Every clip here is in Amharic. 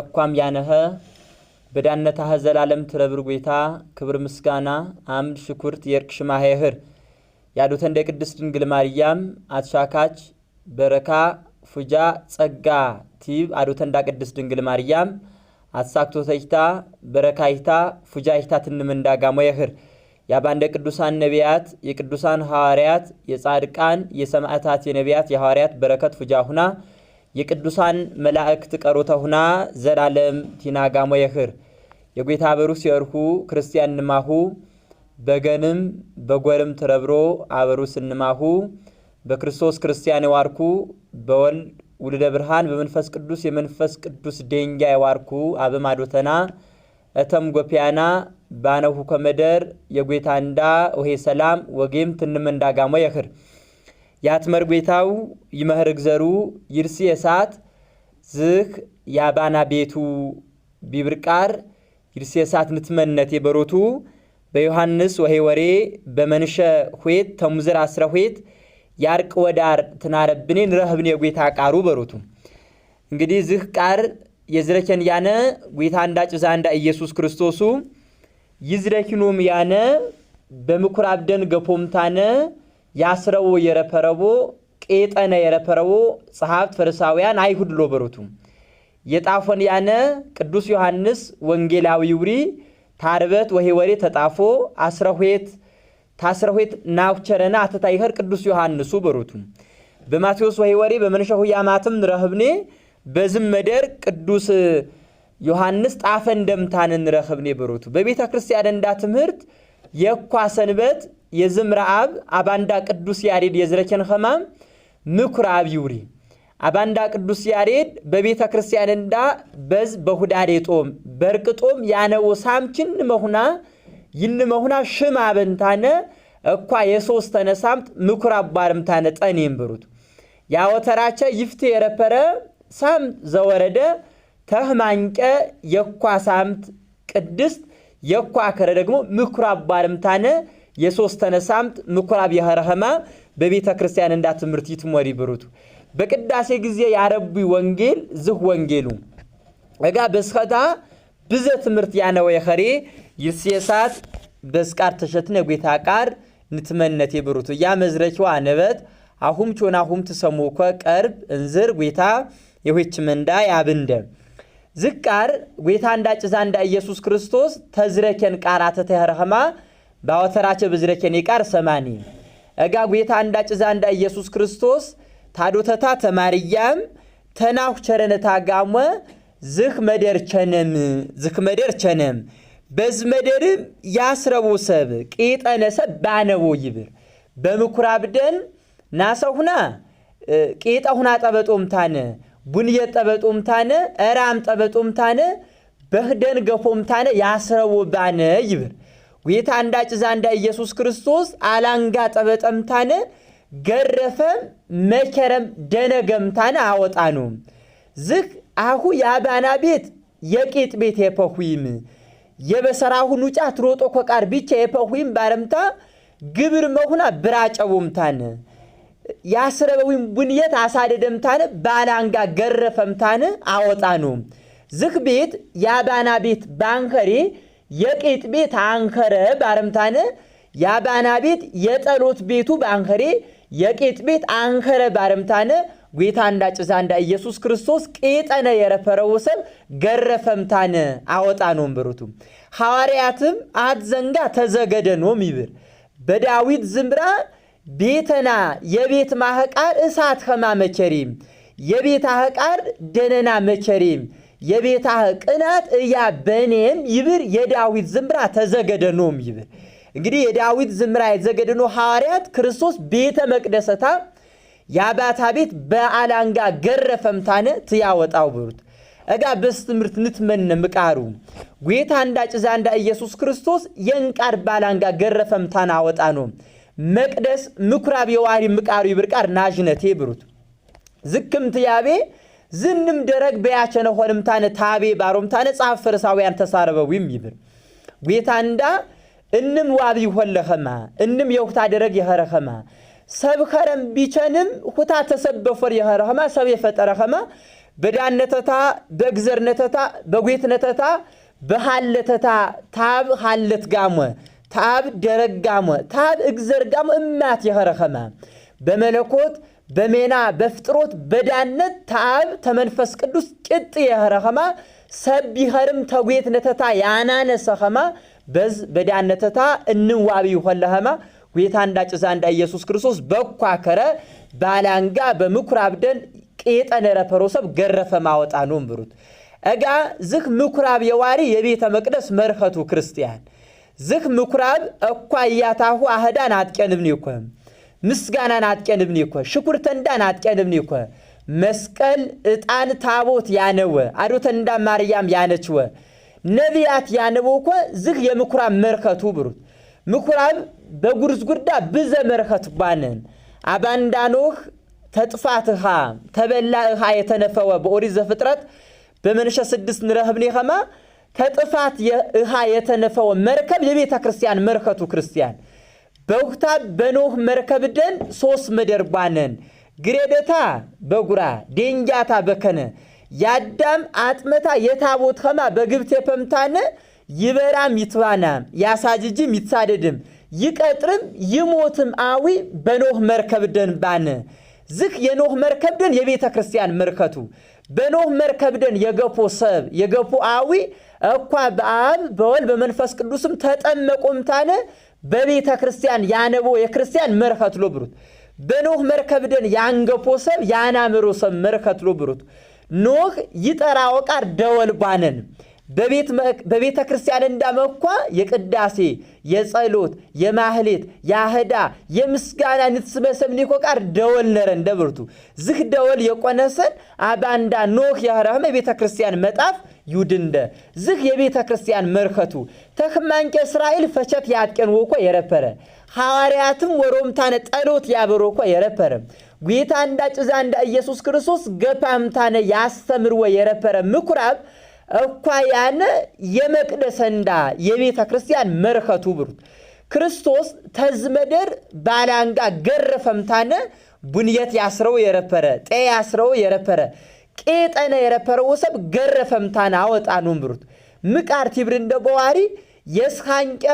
እኳም ያነኸ በዳነታኸ ዘላለም ትረብር ጐይታ ክብር ምስጋና አምድ ሽኩርት የርቅ ሽማሄ ህር ያዱተ እንደ ቅድስት ድንግል ማርያም አትሻካች በረካ ፉጃ ጸጋ ቲብ አዱተ እንዳ ቅድስት ድንግል ማርያም አትሳክቶተይታ በረካይታ ፉጃይታ ትንምንዳ ጋሞ የህር የአባንደ ቅዱሳን ነቢያት፣ የቅዱሳን ሐዋርያት፣ የጻድቃን፣ የሰማዕታት፣ የነቢያት፣ የሐዋርያት በረከት ፉጃ ሁና የቅዱሳን መላእክት ቀሮተ ሁና ዘላለም ቲናጋሞ የኽር የጌታ አበሩስ የእርሁ ክርስቲያን ንማሁ በገንም በጎርም ትረብሮ አበሩስ እንማሁ በክርስቶስ ክርስቲያን የዋርኩ በወልድ ውልደ ብርሃን በመንፈስ ቅዱስ የመንፈስ ቅዱስ ደንጋ የዋርኩ አበማዶተና እተም ጎፒያና ባነሁ ከመደር የጌታ እንዳ ወሄ ሰላም ወጌም ትንም እንዳጋሞ የክር ያትመር ጌታው ይመህር እግዘሩ ይርሲ የሳት ዝህ ያባና ቤቱ ቢብርቃር ይርሲ የሳት ንትመነት የበሮቱ በዮሐንስ ወሄ ወሬ በመንሸ ሁት ተሙዝር አስረ ሁት ያርቅ ወዳር ትናረብኔ ንረህብን የጌታ ቃሩ በሮቱ እንግዲህ ዝህ ቃር የዝረኬን ያነ ጌታ እንዳ ጭዛ እንዳ ኢየሱስ ክርስቶሱ ይዝረኪኖም ያነ በምኩራብ ደን ገፖምታነ ያስረዎ የረፐረቦ ቄጠነ የረፐረቦ ጸሐፍት ፈሪሳውያን አይሁድ ሎበሩቱ የጣፎን ያነ ቅዱስ ዮሐንስ ወንጌላዊ ውሪ ታርበት ወሄ ወሬ ተጣፎ አስረሁት ታስረሁት ናውቸረና አተታይኸር ቅዱስ ዮሐንሱ በሮቱ በማቴዎስ ወሄ ወሬ በመንሸሁ ያማትም ረህብኔ በዝም መደር ቅዱስ ዮሐንስ ጣፈ እንደምታን እንረኽብኔ ብሩቱ በቤተ ክርስቲያን እንዳ ትምህርት የኳ ሰንበት የዝምረ አብ አባንዳ ቅዱስ ያሬድ የዝረኬን ኸማም አብ ይውሪ አባንዳ ቅዱስ ያሬድ በቤተ ክርስቲያን እንዳ በዝ በሁዳዴ ጦም በርቅ ጦም ያነው ሳምችን መሁና ይን መሁና ሽም አበንታነ እኳ የሶስ ተነሳምት ምኩር አባርምታነ ጠኔም ብሩት ያወተራቸ ይፍቴ የረፐረ ሳም ዘወረደ ተህማንቀ የኳ ሳምት ቅድስት የኳ ከረ ደግሞ ምኩራብ ባርምታነ የሶስተነ ሳምት ምኩራብ የኸረኸማ በቤተ ክርስቲያን እንዳ ትምህርት ይትሞሪ ብሩቱ በቅዳሴ ጊዜ ያረቡ ወንጌል ዝህ ወንጌሉ እጋ በስኸታ ብዘ ትምህርት ያነወ የኸሬ ይርሴሳት በስቃር ተሸትነ ጌታ ቃር ንትመነት የብሩቱ እያ መዝረኪዋ አነበት አሁም ቾን አሁም ትሰሞኮ ቀርብ እንዝር ጌታ የሆች መንዳ ያብንደ ዝቃር ጌታ እንዳጭዛ እንዳ ኢየሱስ ክርስቶስ ተዝረኬን ቃራ ተተህረኸማ ባወተራቸ ብዝረኬን ይቃር ሰማኒ እጋ ጌታ እንዳጭዛ እንዳ ኢየሱስ ክርስቶስ ታዶተታ ተማርያም ተናሁ ቸረነታ ጋሞ ዝህ መደር ቸነም ዝህ መደር ቸነም በዝ መደርም ያስረቦ ሰብ ቂጠነ ሰብ ባነቦ ይብር በምኩራብ ደን ናሰሁና ቂጠሁና ጠበጦምታነ ቡንየ ጠበጡም ጠበጡምታነ እራም ታነ በህደን ገፎም ታነ ያስረው ባነ ይብል ጌታ እንዳጭ ዛንዳ ኢየሱስ ክርስቶስ አላንጋ ጠበጠም ታነ ገረፈም መከረም ደነገም ታነ አወጣኑ ዝክ አሁ የአባና ቤት የቂጥ ቤት የበሰራ የበሰራሁን ጫት ሮጦ ኮቃር ብቻ የፐሁይም ባረምታ ግብር መሁና ታነ የአስረበዊም ቡንየት አሳደደምታነ ባላንጋ ገረፈምታነ አወጣኑ ዝክ ቤት ያባና ቤት ባንከሬ የቄጥ ቤት አንከረ ባረምታነ ያባና ቤት የጠሎት ቤቱ ባንከሬ የቄጥ ቤት አንከረ ባረምታነ ጌታ እንዳ ጭዛ እንዳ ኢየሱስ ክርስቶስ ቄጠነ የረፈረው ሰብ ገረፈምታነ አወጣ ነው ብሩቱ ሐዋርያትም አትዘንጋ ተዘገደ ነው ይብር በዳዊት ዝምራ ቤተና የቤት ማህቃር እሳት መቸሪም የቤት አህቃር ደነና መቸሪም የቤታ ቅናት እያ በኔም ይብር የዳዊት ዝምራ ተዘገደኖም ይብር እንግዲህ የዳዊት ዝምራ የዘገደኖ ሐዋርያት ክርስቶስ ቤተ መቅደሰታ የአባታ ቤት በአላንጋ ገረፈምታነ ትያወጣው ብሩት እጋ በስ ትምህርት ንትመነ ምቃሩ ጌታ እንዳጭዛ እንዳ ኢየሱስ ክርስቶስ የንቃር ባላንጋ ገረፈምታን አወጣ ነው መቅደስ ምኩራብ የዋሪ ምቃሪ ብርቃር ናዥነቴ ብሩት ዝክምት ያቤ ዝንም ደረግ በያቸነ ሆንምታነ ታቤ ባሮምታነ ጻፍ ፈሪሳውያን ተሳረበዊም ይብር ጌታ እንዳ እንም ዋቢ ሆለኸማ እንም የውታ ደረግ የኸረኸማ ሰብኸረም ቢቸንም ሁታ ተሰበፈር የኸረኸማ ሰብ የፈጠረኸማ በዳነተታ በግዘርነተታ በጌትነተታ በሃለተታ ታብ ሃለት ጋመ ታብ ደረጋሞ ታብ እግዘርጋሞ እማት የኸረኸመ በመለኮት በሜና በፍጥሮት በዳነት ታብ ተመንፈስ ቅዱስ ጭጥ የኸረኸማ ሰብ ሰቢኸርም ተጉየት ነተታ ያናነሰኸማ በዝ በዳነተታ እንዋብ ይሆለኸማ ጌታ እንዳጭዛ እንዳ ኢየሱስ ክርስቶስ በኳከረ ባላንጋ በምኩራብ ደን ቄጠነ ረፈሮ ሰብ ገረፈ ማወጣ ነው ብሩት እጋ ዝህ ምኩራብ የዋሪ የቤተ መቅደስ መርኸቱ ክርስቲያን ዝህ ምኩራብ እኳ እያታሁ አህዳ ናጥቀንብኒ እኮ ምስጋና ናጥቀንብኒ እኮ ሽኩር ተንዳ ናጥቀንብኒ እኮ መስቀል እጣን ታቦት ያነወ አዶተ ማርያም ያነችወ ነቢያት ያነቦ እኮ ዝህ የምኩራብ መርከቱ ብሩት ምኩራብ በጉርዝጉርዳ ብዘ መርከት ባንን አባንዳኖህ ተጥፋትኻ ተበላእኻ የተነፈወ በኦሪት ዘፍጥረት በመንሸ ስድስት ንረህብኒ ኸማ ከጥፋት እሃ የተነፈው መርከብ የቤተ ክርስቲያን መርከቱ ክርስቲያን በውታ በኖህ መርከብ ደን ሶስት መደርባነን ግሬደታ በጉራ ዴንጃታ በከነ ያዳም አጥመታ የታቦት ኸማ በግብት የፈምታነ ይበራም ይትባናም ያሳጅጅም ይትሳደድም ይቀጥርም ይሞትም አዊ በኖህ መርከብ ደን ባነ ዝክ የኖህ መርከብ ደን የቤተ ክርስቲያን መርከቱ በኖህ መርከብ ደን የገፎ ሰብ የገፎ አዊ እኳ በአብ በወልድ በመንፈስ ቅዱስም ተጠመቁም ታለ በቤተ ክርስቲያን ያነቦ የክርስቲያን መርከት ብሩት በኖህ መርከብ ደን ያንገፖ ሰብ ያናምሮ ሰብ መርከት ብሩት ኖህ ይጠራ ወቃር ደወል ባነን በቤተ ክርስቲያን እንዳመኳ የቅዳሴ የጸሎት የማህሌት የአህዳ የምስጋና ንትስበሰብኒኮ ቃር ደወል ነረን ደብርቱ ዝህ ደወል የቆነሰን አባንዳ ኖህ ያህራህመ የቤተ ክርስቲያን መጣፍ ዩድንደ ዝህ የቤተ ክርስቲያን መርከቱ ተክማንቄ እስራኤል ፈቸት ያጥቀን ወኮ የረፐረ ሐዋርያትም ወሮምታነ ጠሎት ያበሮ ኮ የረፐረ ጌታ እንዳ ጭዛ እንዳ ኢየሱስ ክርስቶስ ገፓምታነ ያስተምርወ ወ የረፐረ ምኩራብ እኳ ያነ የመቅደሰንዳ የቤተ ክርስቲያን መርከቱ ብሩት ክርስቶስ ተዝመደር ባላንጋ ገረፈምታነ ቡንየት ያስረው የረፐረ ጤ ያስረው የረፐረ ቄጠነ የረፐረ ወሰብ ገረፈምታነ አወጣኑም ብሩት ምቃር ቲብር እንደ በዋሪ የስኻንቀ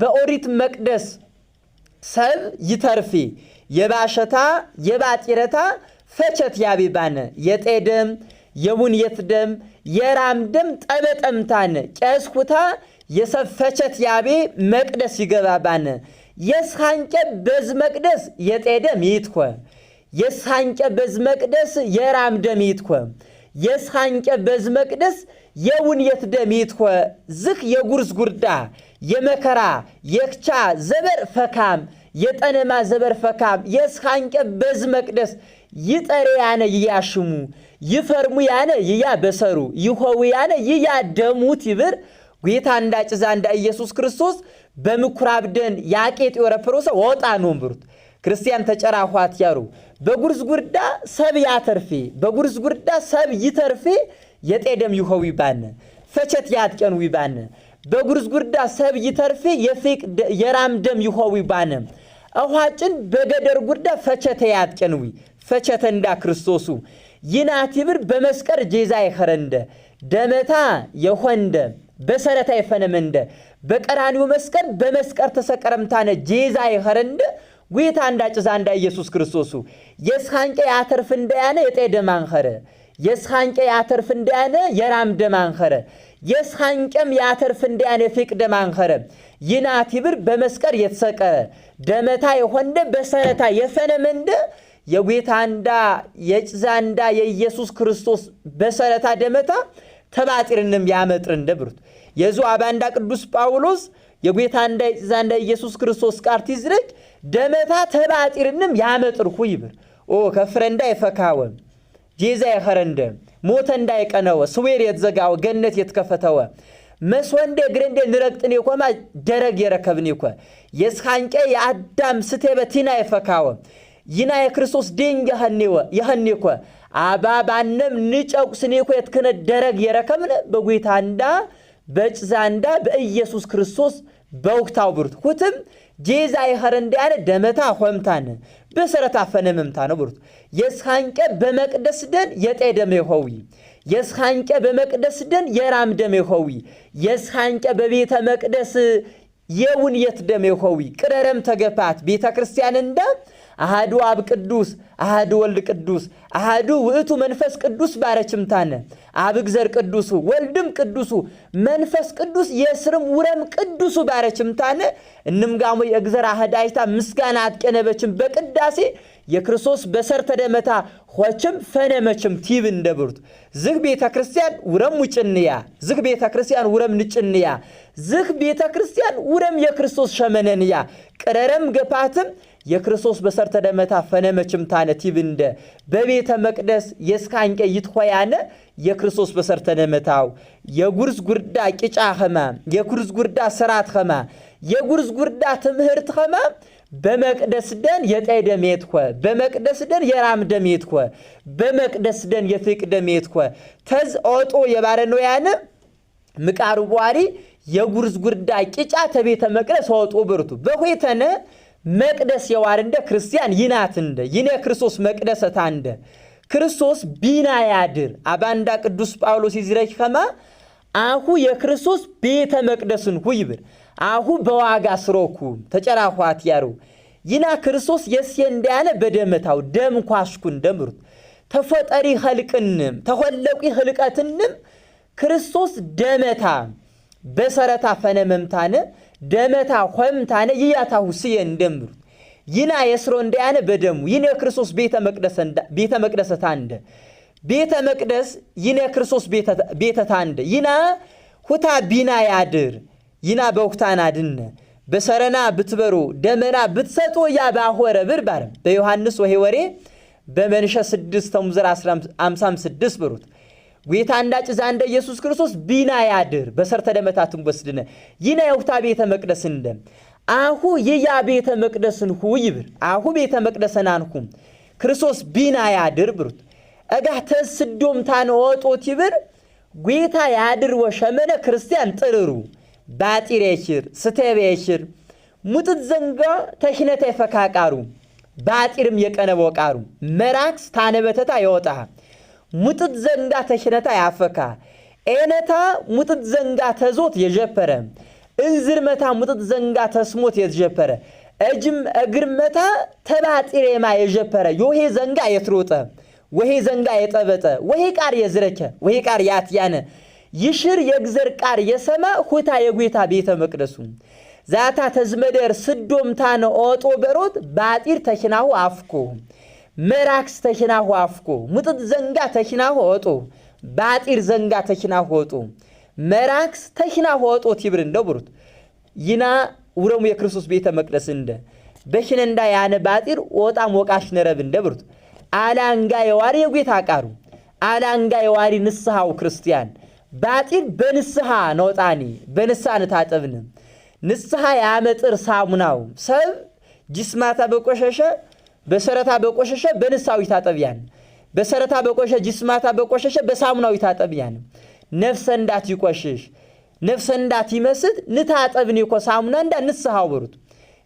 በኦሪት መቅደስ ሰብ ይተርፊ የባሸታ የባጢረታ ፈቸት ያቢባነ የጤ ደም የቡንየት ደም የራም ደም ጠበጠምታን ቀስኩታ የሰፈቸት ያቤ መቅደስ ይገባባን የስሓንጨ በዝ መቅደስ የጤ ደም ይትኮ የስሓንጨ በዝ መቅደስ የራም ደም ይትኮ የስሓንጨ በዝ መቅደስ የውንየት ደም ይትኮ ዝክ የጉርዝ ጉርዳ የመከራ የክቻ ዘበር ፈካም የጠነማ ዘበር ፈካም የስሓንጨ በዝ መቅደስ ይጠሬያነ ይያሽሙ ይፈርሙ ያነ ይያ በሰሩ ይሆው ያነ ይያ ደሙት ይብር ጌታ እንዳጭዛ እንዳ ኢየሱስ ክርስቶስ በምኩራብ ደን ያቄጥ የወረፈሮሰ ወጣ ነው ብሩት ክርስቲያን ተጨራ ኋት ያሩ በጉርዝ ጉርዳ ሰብ ያተርፌ በጉርዝ ጉርዳ ሰብ ይተርፌ የጤደም ይሆው ይባነ ፈቸት ያጥቀን ይባነ በጉርዝ ጉርዳ ሰብ ይተርፌ የፌቅ የራም ደም ይሆው ይባነ አኋጭን በገደር ጉርዳ ፈቸተ ያጥቀን ፈቸተ እንዳ ክርስቶሱ ይናቲብር በመስቀር ጄዛ የኸረንደ ደመታ የኾንደ በሰረታ የፈነመንደ በቀራኒው መስቀል በመስቀር ተሰቀረምታነ ጄዛ የኸረንደ ጌታ እንዳጭዛ እንዳ ኢየሱስ ክርስቶሱ የስኻንቄ ያተርፍ እንደያነ የጤ ደማንኸረ የስኻንቄ ያተርፍ እንደያነ የራም ደማንኸረ አንኸረ የስኻንቄም የአተርፍ እንደያነ የፌቅ ደማንኸረ አንኸረ ይናቲብር በመስቀር የተሰቀረ ደመታ የኾንደ በሰረታ የፈነመንደ የጌታ እንዳ የጭዛ እንዳ የኢየሱስ ክርስቶስ በሰረታ ደመታ ተባጢርንም ያመጥር እንደብሩት የዙ አባንዳ ቅዱስ ጳውሎስ የጌታ እንዳ የጭዛ እንዳ የኢየሱስ ክርስቶስ ቃር ትዝረጅ ደመታ ተባጢርንም ያመጥር ሁ ይብር ኦ ከፍረንዳ የፈካወ ጄዛ የኸረንደ ሞተ እንዳይቀነወ ስዌር የተዘጋወ ገነት የተከፈተወ መስወንደ ግረንደ ንረግጥን የኮማ ደረግ የረከብን ይኮ የስካንቄ የአዳም ስቴበቲና የፈካወ ይና የክርስቶስ ደንግ ያህኔወ ያህኔኮ አባ ባነም ስኔኮ የትክነ ደረግ የረከምነ በጉይታንዳ በጭዛንዳ በኢየሱስ ክርስቶስ በውክታው ብሩት ሁትም ጄዛ የኸረንዳ ያነ ደመታ ሆምታን በሰረታ ፈነ ነው ብሩት የስኻንቀ በመቅደስ ደን የጤ ደም የሆዊ የስኻንቀ በመቅደስ ደን የራም ደም የሆዊ የስኻንቀ በቤተ መቅደስ የውን የት ደም የሆዊ ቅረረም ተገፋት ቤተ ክርስቲያን እንዳ አህዱ አብ ቅዱስ አህዱ ወልድ ቅዱስ አህዱ ውእቱ መንፈስ ቅዱስ ባረችምታነ አብ እግዘር ቅዱሱ ወልድም ቅዱሱ መንፈስ ቅዱስ የስርም ውረም ቅዱሱ ባረችምታነ እንምጋሞ የእግዘር አህዳይታ ምስጋና አትቀነበችም በቅዳሴ የክርስቶስ በሰርተ ደመታ ሆችም ፈነመችም ቲብ እንደብሩት ዝህ ቤተ ክርስቲያን ውረም ውጭንያ ዝህ ቤተ ክርስቲያን ውረም ንጭንያ ዝህ ቤተ ክርስቲያን ውረም የክርስቶስ ሸመነንያ ቅረረም ገፓትም የክርስቶስ በሰርተ ደመታ ፈነመችም ታነ ቲብንደ በቤተ መቅደስ የስካንቀ ይትኮያነ የክርስቶስ በሰርተ ደመታው የጉርዝ ጉርዳ ቂጫ ኸማ የጉርዝ ጉርዳ ስራት ኸማ የጉርዝ ጉርዳ ትምህርት ኸማ በመቅደስ ደን የጠይ ደሜት ኮ በመቅደስ ደን የራም ደሜት ኮ በመቅደስ ደን የፍቅ ደሜት ኮ ተዝ ኦጦ የባረኖያነ ምቃሩ በዋሪ የጉርዝ ጉርዳ ቂጫ ተቤተ መቅደስ ወጦ ብርቱ በሁይተነ መቅደስ የዋርንደ ክርስቲያን ይናትንደ ይነ ክርስቶስ መቅደሰታንደ ክርስቶስ ቢና ያድር አባንዳ ቅዱስ ጳውሎስ ይዝረክ ከማ አሁ የክርስቶስ ቤተ መቅደስን ሁ ይብል አሁ በዋጋ ስሮኩ ተጨራኋት ያሩ ይና ክርስቶስ የስየ እንዳያነ በደመታው ደም ኳሽኩን ደምሩት ተፈጠሪ ኸልቅንም ተኸለቂ ኽልቀትንም ክርስቶስ ደመታ በሰረታ ፈነ መምታነ ደመታ ነ ይያታ ሁስየ እንደምሩት ይና የስሮ እንደያነ በደሙ ይነ ክርስቶስ ቤተ መቅደስ እንደ ቤተ መቅደስ ታንደ ቤተ መቅደስ ይነ ክርስቶስ ቤተ ታንደ ይና ሁታ ቢና ያድር ይና በውክታን ድነ በሰረና ብትበሩ ደመና ብትሰጡ ያ ባሆረ ብር ባለም በዮሐንስ ወሄ ወሬ በመንሸ 6 ተሙዝር 56 ብሩት ጌታ እንዳጭዛ እንደ ኢየሱስ ክርስቶስ ቢና ያድር በሰርተ ደመታቱን ወስድነ ይና የውታ ቤተ መቅደስ እንደ አሁ ይያ ቤተ መቅደስን ሁ ይብር አሁ ቤተ መቅደስን አንኩም ክርስቶስ ቢና ያድር ብሩት እጋ ተስዶም ታን ወጦት ይብር ጌታ ያድር ወሸመነ ክርስቲያን ጥርሩ ባጢሬሽር ስቴቤሽር ስተብ ሙጥት ዘንጋ ተሽነተ የፈካቃሩ ባጢርም የቀነበ ወቃሩ መራክስ ታነበተታ ይወጣ ሙጥት ዘንጋ ተሽነታ ያፈካ ኤነታ ሙጥት ዘንጋ ተዞት የጀፐረ መታ ሙጥት ዘንጋ ተስሞት የጀፐረ እጅም እግር እግርመታ ተባጢሬማ የጀፐረ ዮሄ ዘንጋ የትሮጠ ወሄ ዘንጋ የጠበጠ ወሄ ቃር የዝረከ ወሄ ቃር ያትያነ ይሽር የእግዘር ቃር የሰማ ሁታ የጌታ ቤተ መቅደሱ ዛታ ተዝመደር ስዶምታነ ኦጦ በሮት ባጢር ተሽናሁ አፍኩ መራክስ ተሽናሁ አፍቁ ሙጥጥ ዘንጋ ተሽናሁ ወጡ ባጢር ዘንጋ ተሽናሁ ወጡ መራክስ ተሽናሁ ወጡ ቲብር እንደ ብሩት ይና ውረሙ የክርስቶስ ቤተ መቅደስ እንደ እንዳ ያነ ባጢር ወጣም ወቃሽ ነረብ እንደ ብሩት አላንጋ የዋሪ የጌታ ቃሩ አላንጋ የዋሪ ንስሐው ክርስቲያን ባጢር በንስሐ ነውጣኒ በንስሐ ንታጠብን ንስሐ ያመጥር ሳሙናው ሰብ ጅስማታ በቆሸሸ በሰረታ በቆሸሸ በንሳዊ ታጠቢያን በሰረታ በቆሸ ጅስማታ በቆሸሸ በሳሙናዊ ታጠቢያን ነፍሰ እንዳት ይቆሽሽ ነፍሰ እንዳት ይመስት ንታጠብን ኮ ሳሙና እንዳ ንስሐው ወሩት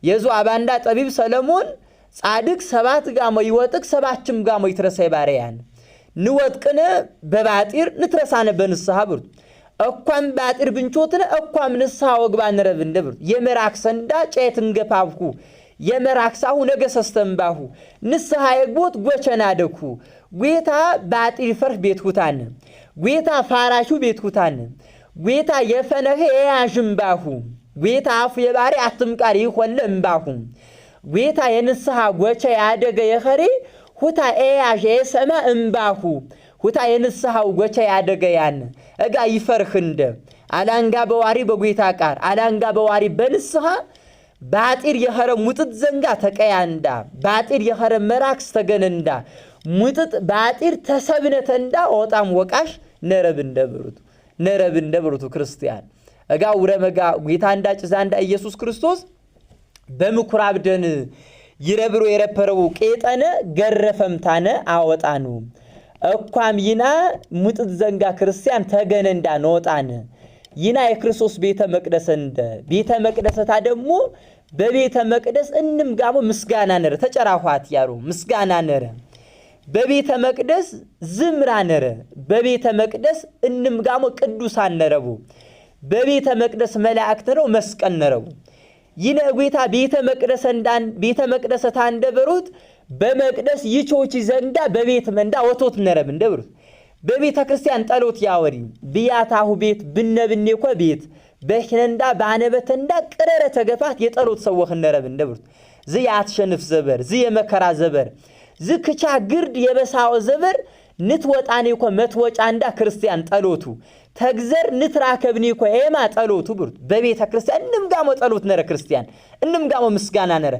የዙ አባንዳ ጠቢብ ሰለሞን ጻድቅ ሰባት ጋሞ ይወጥቅ ሰባችም ጋሞ ይትረሳይ ባሪያን ንወጥቅነ በባጢር ንትረሳነ በንስሐ ብሩት እኳም ባጢር ብንቾትነ እኳም ንስሐ ወግባ ንረብ እንደብሩት የመራክ ሰንዳ ጨየትን ገፋብኩ የመራክሳሁ ነገሰስተንባሁ ንስሐ የግቦት ጎቸናደኩ ጌታ በአጢፈርህ ቤት ሁታን ጌታ ፋራሹ ቤት ሁታን ጌታ የፈነህ የያዥምባሁ ጌታ አፉ የባሪ አትምቃሪ ይኮነ እምባሁ ጌታ የንስሐ ጎቸ ያደገ የኸሬ ሁታ ኤያዥ የሰመ እምባሁ ሁታ የንስሐው ጎቸ ያደገ ያን እጋ ይፈርህ እንደ አላንጋ በዋሪ በጌታ ቃር አላንጋ በዋሪ በንስሐ ባጢር የኸረ ሙጥጥ ዘንጋ ተቀያንዳ ባጢር የኸረ መራክስ ተገነንዳ ሙጥጥ ባጢር እንዳ ወጣም ወቃሽ ነረብ እንደብሩቱ ነረብ እንደብሩቱ ክርስቲያን እጋ ውረመጋ ጌታ እንዳ ጭዛ እንዳ ኢየሱስ ክርስቶስ በምኩራብ ደን ይረብሮ የረፐረው ቄጠነ ገረፈምታነ አወጣኑ እኳም ይና ሙጥጥ ዘንጋ ክርስቲያን ተገነንዳ ነወጣነ ይና የክርስቶስ ቤተ መቅደስ እንደ ቤተ መቅደሰታ ደግሞ በቤተ መቅደስ እንም እንምጋቦ ምስጋና ነረ ተጨራኋት ያሩ ምስጋና ነረ በቤተ መቅደስ ዝምራ ነረ በቤተ መቅደስ እንም እንምጋሞ ቅዱሳን ነረቡ በቤተ መቅደስ መላእክት ነው መስቀል ነረቡ ይነ ጌታ ቤተ መቅደስ እንዳን ቤተ መቅደስ ታንደብሩት በመቅደስ ይቾች ዘንዳ በቤት መንዳ ወቶት ነረብ እንደብሩት በቤተ ክርስቲያን ጠሎት ያወሪ ብያታሁ ቤት ብነብኔ ኮ ቤት በሕነንዳ ባነበተንዳ ቅረረ ተገፋት የጠሎት ሰወኽ እነረብ እንደብሩት ዝ የአትሸንፍ ዘበር ዝ የመከራ ዘበር ዝ ክቻ ግርድ የበሳወ ዘበር ንትወጣኔ ኮ መትወጫ እንዳ ክርስቲያን ጠሎቱ ተግዘር ንትራከብኒ ኮ ኤማ ጠሎቱ ብሩት በቤተ ክርስቲያን እንምጋሞ ጠሎት ነረ ክርስቲያን እንምጋሞ ምስጋና ነረ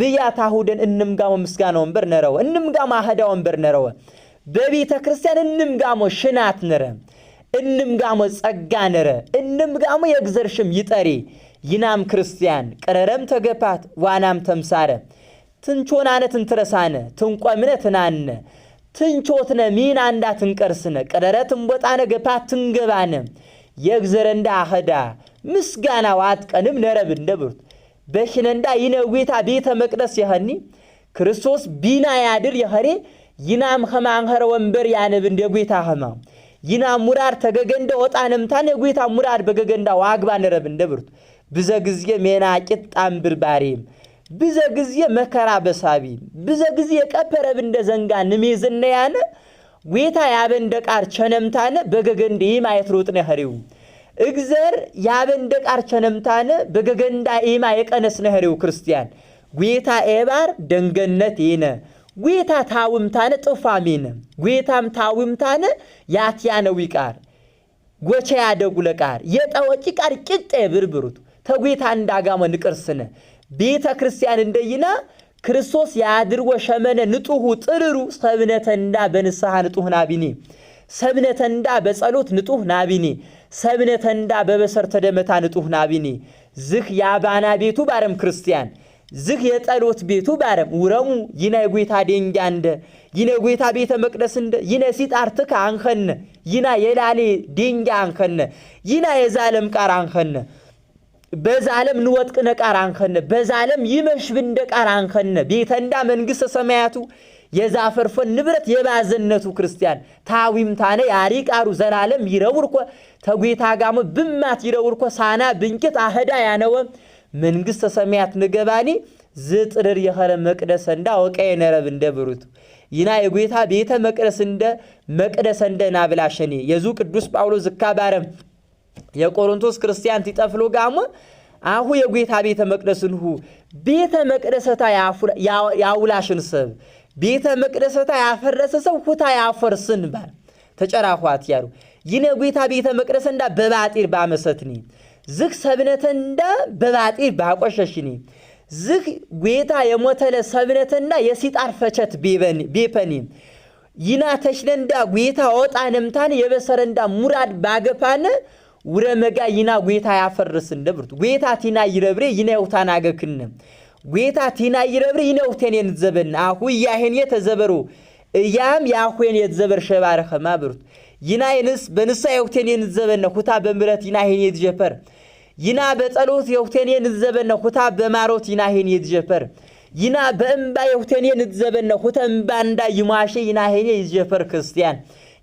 ብያታሁደን እንምጋሞ ምስጋና ወንበር ነረወ እንምጋሞ አህዳ ወንበር ነረወ በቤተ ክርስቲያን እንምጋሞ ሽናት ንረ እንምጋሞ ጸጋ ንረ እንምጋሞ የእግዘር ሽም ይጠሪ ይናም ክርስቲያን ቀረረም ተገፓት ዋናም ተምሳረ ትንቾናነ ትንትረሳነ ትንቆምነ ትናነ ትንቾትነ ሚና እንዳ ትንቀርስነ ቀረረ ትንቦጣነ ገፓት ትንገባነ የእግዘረ እንዳ አኸዳ ምስጋና ዋትቀንም ነረብ እንደብሩት በሽነ እንዳ ይነዊታ ቤተ መቅደስ የኸኒ ክርስቶስ ቢና ያድር የኸሬ ይናም ኸማንኸረ ወንበር ያነብ እንደ ጌታ ኸማ ይናም ሙራር ተገገንደ ወጣነምታን የጌታ ሙራር በገገንዳ ዋግባ ነረብ እንደ ብርቱ ብዘ ጊዜ ሜና ቂጣም ብርባሬም ብዘ ጊዜ መከራ በሳቢ ብዘ ጊዜ ቀፈረብ እንደ ዘንጋ ንሜዝነ ያነ ጌታ ያበንደ ቃር ቸነምታነ በገገንደ የማየት ሮጥነ ኸሪው እግዘር ያበንደ ቃር ቸነምታነ በገገንዳ ኤማ የቀነስ ነኸሪው ክርስቲያን ጌታ ኤባር ደንገነት ይነ ጌታ ታውምታነ ጥፋሚነ ጌታም ታውምታነ ያትያነዊ ቃር ጎቸ ያደጉለ ቃር የጠወጪ ቃር ጭጠ ብርብሩት ተጌታ እንዳጋመ ንቅርስነ ቤተ ክርስቲያን እንደይና ክርስቶስ ያድርወ ሸመነ ንጡሁ ጥርሩ ሰብነተ እንዳ በንስሐ ንጡህ ናቢኒ ሰብነተ እንዳ በጸሎት ንጡህ ናቢኒ ሰብነተ እንዳ በበሰር ተደመታ ንጡህ ናቢኒ ዝህ ያባና ቤቱ ባረም ክርስቲያን ዝህ የጸሎት ቤቱ ባረም ውረሙ ይነ ጎይታ ደንጃ እንደ ይነ ጎይታ ቤተ መቅደስ እንደ ይነ ሲጣርትከ አንኸነ ይና የላሌ ደንጃ አንኸነ ይና የዛለም ቃር አንኸነ በዛለም ንወጥቅነ ቃር አንኸነ በዛለም ይመሽ ብንደ ቃር አንኸነ ቤተ እንዳ መንግሥተ ሰማያቱ የዛፈርፈን ንብረት የባዘነቱ ክርስቲያን ታዊምታነ ያሪ ቃሩ ዘላለም ይረውርኮ ተጌታ ጋሞ ብማት ይረውርኮ ሳና ብንቅት አህዳ ያነወ መንግሥተ ሰማያት ንገባኒ ዝጥርር የኸረ መቅደሰ እንዳ ወቀየ ነረብ እንደ ብሩት ይና የጌታ ቤተ መቅደስ እንደ መቅደሰ እንደ ናብላሸኒ የዙ ቅዱስ ጳውሎስ ዝካባረም የቆሮንቶስ ክርስቲያን ቲጠፍሎ ጋሞ አሁ የጌታ ቤተ መቅደስ እንሁ ቤተ መቅደሰታ ያውላሽን ሰብ ቤተ መቅደሰታ ያፈረሰ ሰው ሁታ ያፈርስን ባል ተጨራኋት ያሩ ይነ ጌታ ቤተ መቅደስ እንዳ በባጢር ባመሰትኒ ዝኽ ሰብነተንዳ በባጢር ባቆሸሽኒ ዝኽ ጌታ የሞተለ ሰብነተንዳ የሲጣር ፈቸት ቤፐኒ ይና ተሽለንዳ ጌታ ወጣ ነምታን የበሰረንዳ ሙራድ ባገፓነ ውረ መጋ ይና ጌታ ያፈርስን ደብርቱ ጌታ ቲና ይረብሬ ይና የውታን አገክነ ጌታ ቲና ይረብሬ ይና የውቴኔን ዘበን አሁ እያሄን የተዘበሩ እያም የአሁን የተዘበር ሸባረኸማ ብርቱ ይናይንስ በንሳ የውቴኔን ዘበነ ሁታ በምረት ይናሄን የትጀፐር ይና በጸሎት የውቴኔ ንዘበነ ሁታ በማሮት ይናሄን ይዝጀፈር ይና በእምባ የውቴኔ ንዘበነ ሁተ እምባ እንዳ ይሟሼ ይናሄን ይዝጀፈር ክርስቲያን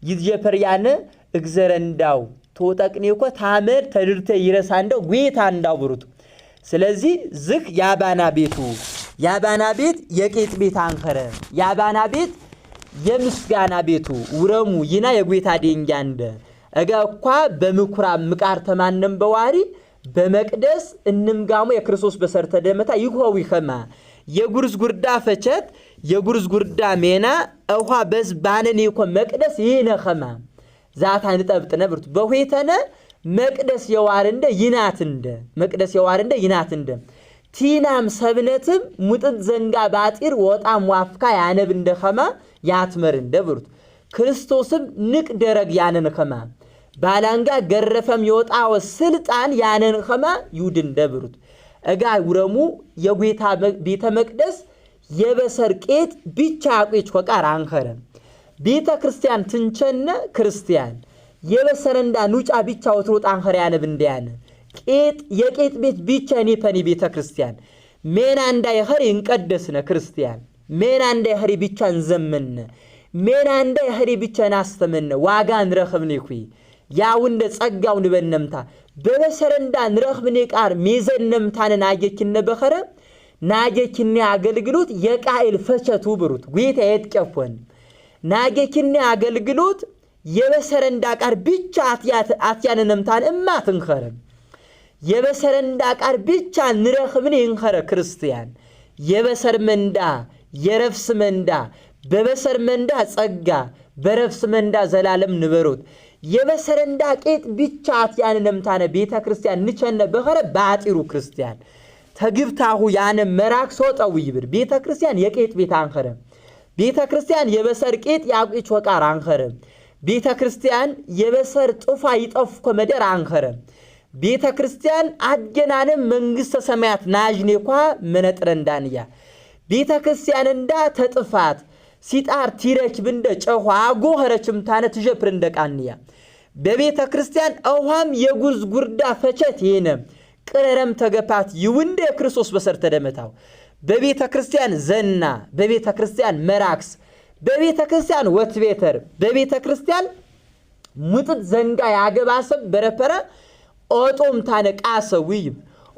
ይዝጀፈር ያነ እግዘረንዳው ተወጠቅኔ እኮ ታመር ተድርተ ይረሳ እንደው ጌታ እንዳው ብሩቱ ስለዚህ ዝክ ያባና ቤቱ ያባና ቤት የቄጥ ቤት አንከረ ያባና ቤት የምስጋና ቤቱ ውረሙ ይና የጌታ ደንጊያ እንደ እጋ በምኩራ ምቃር ተማነም በዋሪ በመቅደስ እንምጋሙ የክርስቶስ በሰርተ ደመታ ይግሆዊ ኸማ የጉርዝ ጉርዳ ፈቸት የጉርዝ ጉርዳ ሜና እውሃ በዝ ባነን ይኮ መቅደስ ይነ ኸማ ዛታ ንጠብጥነ ነብርቱ በሁተነ መቅደስ የዋርንደ ይናትንደ መቅደስ የዋርንደ ይናትንደ ቲናም ሰብነትም ሙጥት ዘንጋ ባጢር ወጣም ዋፍካ ያነብ እንደ ከማ ያትመር እንደ ብርቱ ክርስቶስም ንቅ ደረግ ያነን ከማ ባላንጋ ገረፈም የወጣወ ስልጣን ያነን ኸማ ይውድን ደብሩት እጋ ውረሙ የጌታ ቤተ መቅደስ የበሰር ቄጥ ብቻ አቁች ኮቃር አንኸረ ቤተ ክርስቲያን ትንቸነ ክርስቲያን የበሰረንዳ ኑጫ ብቻ ወትሮጥ አንኸረ ያነብ እንደያነ ቄጥ የቄጥ ቤት ብቻ እኔ ፈኒ ቤተ ክርስቲያን ሜና እንዳ የኸሪ እንቀደስነ ክርስቲያን ሜና እንዳ የኸሪ ብቻ እንዘምነ ሜና እንዳ የኸሪ ብቻ እናስተምነ ዋጋ እንረኸብኔ ኩይ ያውነ ጸጋውን በነምታ በበሰረንዳ ንረኽብኔ ቃር ሜዘነምታንን አጌችነ በኸረ ናጌችኔ አገልግሎት የቃኤል ፈቸቱ ብሩት ጉታ የጥቀፎን ናጌችኔ አገልግሎት የበሰረንዳ ቃር ብቻ አትያነ አትያነነምታን እማ ትንኸረ የበሰረንዳ ቃር ብቻ ንረኽብኔ እንኸረ ክርስቲያን የበሰር መንዳ የረፍስ መንዳ በበሰር መንዳ ጸጋ በረፍስ መንዳ ዘላለም ንበሩት የበሰረንዳ ቄጥ ብቻ አትያን ነምታነ ቤተ ክርስቲያን ንቸነ በኸረ ባጢሩ ክርስቲያን ተግብታሁ ያነ መራክ ሶጠው ይብር ቤተ ክርስቲያን የቄጥ ቤት አንኸረ ቤተ ክርስቲያን የበሰር ቄጥ ያቁጭ ወቃር አንኸረ ቤተ ክርስቲያን የበሰር ጥፋ ይጠፍ ኮመደር አንኸረ ቤተ ክርስቲያን አገናንም መንግሥተ ሰማያት ናዥኔኳ መነጥረንዳንያ ቤተ ክርስቲያን እንዳ ተጥፋት ሲጣር ቲረች ብንደ ጨኋ አጎ ኸረችምታነ ትዠፕር እንደ ቃንያ በቤተ ክርስቲያን አውሃም የጉዝ ጉርዳ ፈቸት ይነ ቅረረም ተገፋት ይውንደ ክርስቶስ በሰርተ ደመታው በቤተ ክርስቲያን ዘና በቤተ ክርስቲያን መራክስ በቤተ ክርስቲያን ወትቤተር በቤተ ክርስቲያን ሙጥት ዘንጋ ያገባሰብ በረፈረ ኦጦም ታነቃሰዊ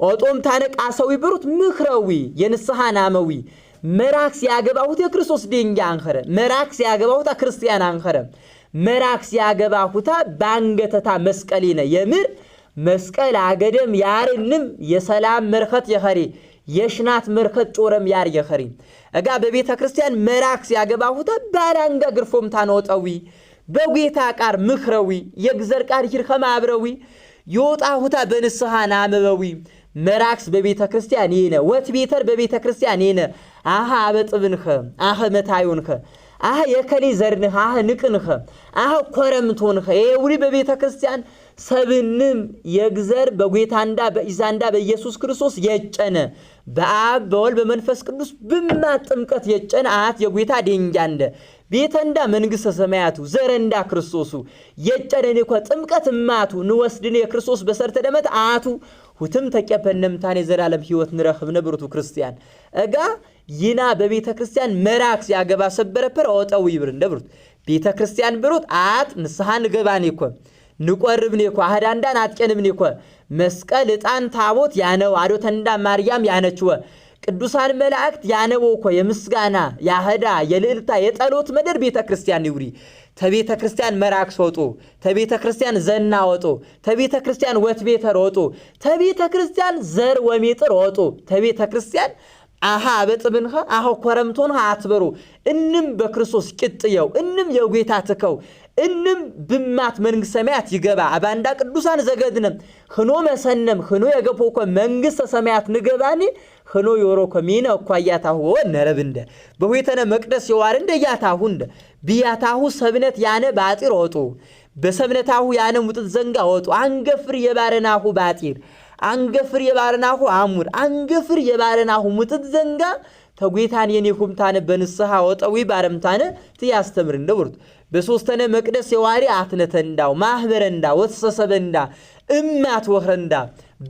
ኦጦም ታነቃሰዊ ብሩት ምክረዊ የንስሐ ናመዊ መራክስ ያገባሁት የክርስቶስ ድንጋ አንኸረ መራክስ ያገባሁት ክርስቲያን አንኸረ መራክ ሲያገባ ሁታ ባንገተታ መስቀሊነ የምር መስቀል አገደም ያርንም የሰላም መርከት የኸሪ የሽናት መርከት ጮረም ያር የኸሪ እጋ በቤተ ክርስቲያን መራክ ሲያገባ ሁታ ባላንጋ ግርፎም ታኖጠዊ በጌታ ቃር ምክረዊ የግዘር ቃር ሂርከማ አብረዊ የወጣ ሁታ በንስሐ ናመበዊ መራክስ በቤተ ክርስቲያን ይነ ወት ቤተር በቤተ ክርስቲያን ይነ አሃ አበጥብንኸ አኸ መታዩንኸ አህ የከሌ ዘርንህ አህ ንቅንኸ አህ ኮረምቶንኸ የውሪ በቤተ ክርስቲያን ሰብንም የግዘር በጌታንዳ በኢዛንዳ በኢየሱስ ክርስቶስ የጨነ በአብ በወል በመንፈስ ቅዱስ ብማ ጥምቀት የጨነ አት የጌታ ደንጃንደ ቤተንዳ መንግሥተ ሰማያቱ ዘረንዳ ክርስቶሱ የጨነን እኮ ጥምቀት ማቱ ንወስድን የክርስቶስ በሰርተ ደመት አቱ ሁትም ተቀፈነምታን የዘላለም ህይወት ንረኽብ ነብርቱ ክርስቲያን እጋ ይና በቤተ ክርስቲያን መራክ ሲያገባ ሰበረ ፐር አወጣው ይብር እንደብሩት ቤተ ክርስቲያን ብሩት አት ንስሐ ንገባን ይኮ ንቆርብን ይኮ አህዳንዳን አትቀንምን ይኮ መስቀል ዕጣን ታቦት ያነው አዶ ተንዳ ማርያም ያነችወ ቅዱሳን መላእክት ያነበው እኮ የምስጋና የአህዳ የልዕልታ የጠሎት መደር ቤተ ክርስቲያን ይውሪ ተቤተ ክርስቲያን መራክ ሶጡ ተቤተ ክርስቲያን ዘና ወጡ ተቤተ ክርስቲያን ወትቤተር ወጡ ተቤተ ክርስቲያን ዘር ወሜጥር ወጡ ተቤተ ክርስቲያን አሃ በጥብንኸ አኸ ኮረምቶንኸ አትበሩ እንም በክርስቶስ ቅጥየው እንም የጌታ ትከው እንም ብማት መንግሥተ ሰማያት ይገባ አባንዳ ቅዱሳን ዘገድነም ህኖ መሰነም ህኖ የገፎ ኮ መንግሥተ ሰማያት ንገባኒ ህኖ ኮ ሚነ እኳ እያታሁ ነረብ እንደ በሁተነ መቅደስ የዋር እንደ እያታሁ እንደ ብያታሁ ሰብነት ያነ ባጢር ወጡ በሰብነታሁ ያነ ሙጥት ዘንጋ ወጡ አንገፍር የባረናሁ ባጢር አንገፍር የባረናሁ አሙር አንገፍር የባረናሁ ሙጥት ዘንጋ ተጎይታን የኔ ኩምታነ በንስሐ ወጠዊ ባረምታነ ትያስተምር እንደ በሶስተነ መቅደስ የዋሪ አትነተ እንዳው ማህበረ እንዳ ወተሰሰበ እንዳ እማት ወኽረ እንዳ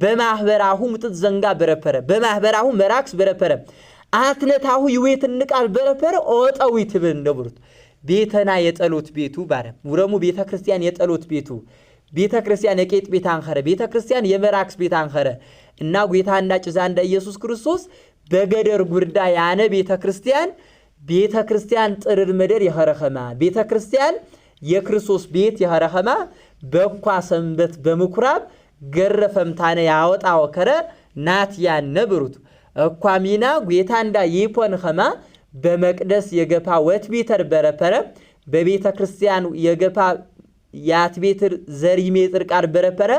በማህበራሁ ሙጥት ዘንጋ በረፐረ በማህበራሁ መራክስ በረፐረ አትነታሁ ይዌት ቃል በረፐረ ወጠዊ ትብል እንደ ቤተና የጸሎት ቤቱ ባረ ውረሙ ቤተ ክርስቲያን የጸሎት ቤቱ ቤተ ክርስቲያን የቄጥ ቤት አንኸረ ቤተ ክርስቲያን የመራክስ ቤት አንኸረ እና ጌታና ጭዛ እንደ ኢየሱስ ክርስቶስ በገደር ጉርዳ ያነ ቤተ ክርስቲያን ቤተ ክርስቲያን ጥርር መደር የኸረኸማ ቤተ ክርስቲያን የክርስቶስ ቤት የኸረኸማ በኳ ሰንበት በምኩራብ ገረፈምታነ ያወጣ ወከረ ናት ያነ ብሩት እኳ ሚና ጌታ እንዳ ይፖን ኸማ በመቅደስ የገፋ ወት ቤተር በረፐረ በቤተ ክርስቲያን የገፋ የአትቤትር ዘሪሜጥር ቃር በረፐረ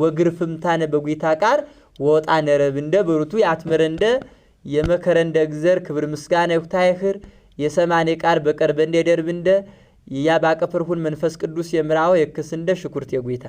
ወግርፍምታነ በጉታ ቃር ወጣ ነረብ እንደ በሩቱ የመከረ እንደ እግዘር ክብር ምስጋና ይሁታይኽር የሰማኔ ቃር በቀርበ እንደ ደርብ እንደ ያባቀፈርሁን መንፈስ ቅዱስ የምራው እንደ ሽኩርት የጉታ